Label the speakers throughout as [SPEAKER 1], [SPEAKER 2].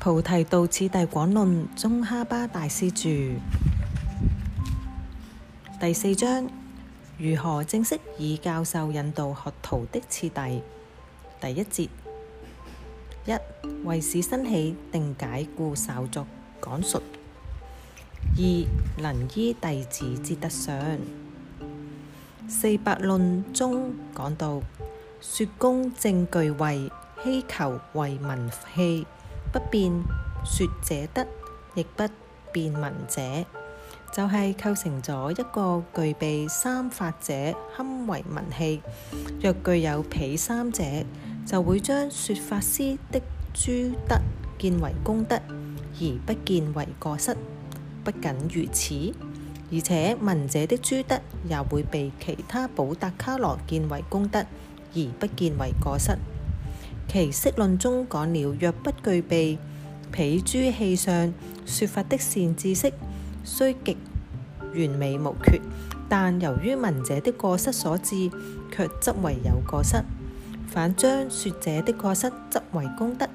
[SPEAKER 1] 菩提道次第廣論中，哈巴大師著第四章，如何正式以教授引導學徒的次第。第一節：一為使生起定解故稍，手作講述；二能依弟子之德相，四百論中講到，說公正具慧，希求為聞器。不變説者德，亦不變聞者，就係、是、構成咗一個具備三法者堪為聞器。若具有彼三者，就會將説法師的諸德見為功德，而不見為過失。不僅如此，而且聞者的諸德也會被其他補特伽羅見為功德，而不見為過失。其釋論中講了，若不具備彼諸器相説法的善知識，雖極完美無缺，但由於聞者的過失所致，卻執為有過失，反將説者的過失執為功德。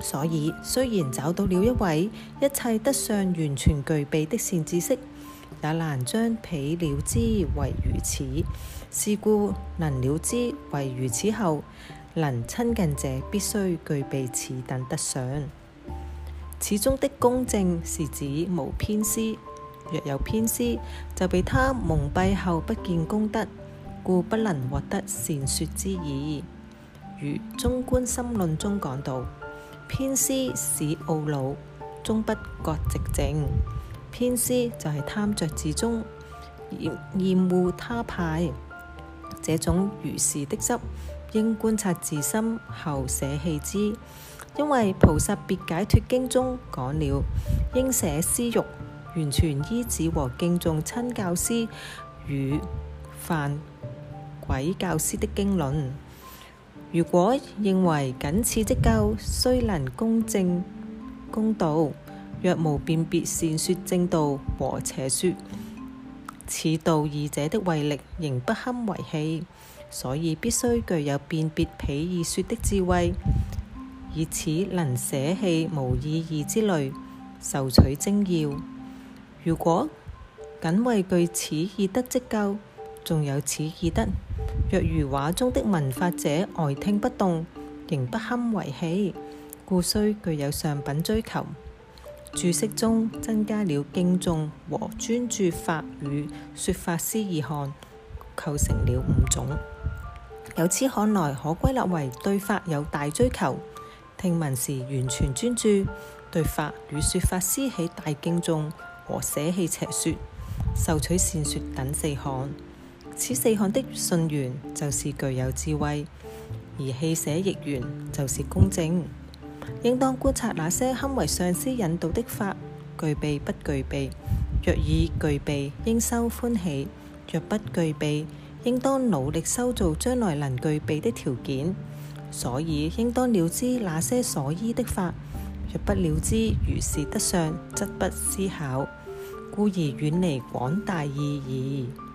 [SPEAKER 1] 所以雖然找到了一位一切德相完全具備的善知識，也難將彼了知為如此。是故能了知為如此後。能親近者必須具備此等德相。此中的公正是指無偏私，若有偏私，就被他蒙蔽後不見功德，故不能獲得善說之意。如《中觀心論》中講到：偏私使懊惱，終不覺寂靜。偏私就係貪着自宗，厭厭惡他派，這種如是的執。應觀察自心後捨棄之。因為《菩薩別解脫經》中講了應捨私欲，完全依止和敬重親教師與犯鬼教師的經論。如果認為僅此即夠，雖能公正公道，若無辨別善說正道和邪說。此道義者的威力仍不堪為棄，所以必須具有辨別鄙夷說的智慧，以此能捨棄無意義之類，受取精要。如果僅為據此意得即垢，仲有此意德，若如畫中的聞法者外聽不動，仍不堪為棄，故須具有上品追求。註釋中增加了敬重和專注法與說法師二項，構成了五種。由此看來，可歸納為對法有大追求，聽聞時完全專注，對法與說法師起大敬重和捨棄邪說、受取善說等四項。此四項的順緣就是具有智慧，而棄捨亦緣就是公正。應當觀察那些堪為上師引導的法，具備不具備？若已具備，應收歡喜；若不具備，應當努力修造將來能具備的條件。所以，應當了知那些所依的法。若不了知，如是得上，則不思考，故而遠離廣大意義。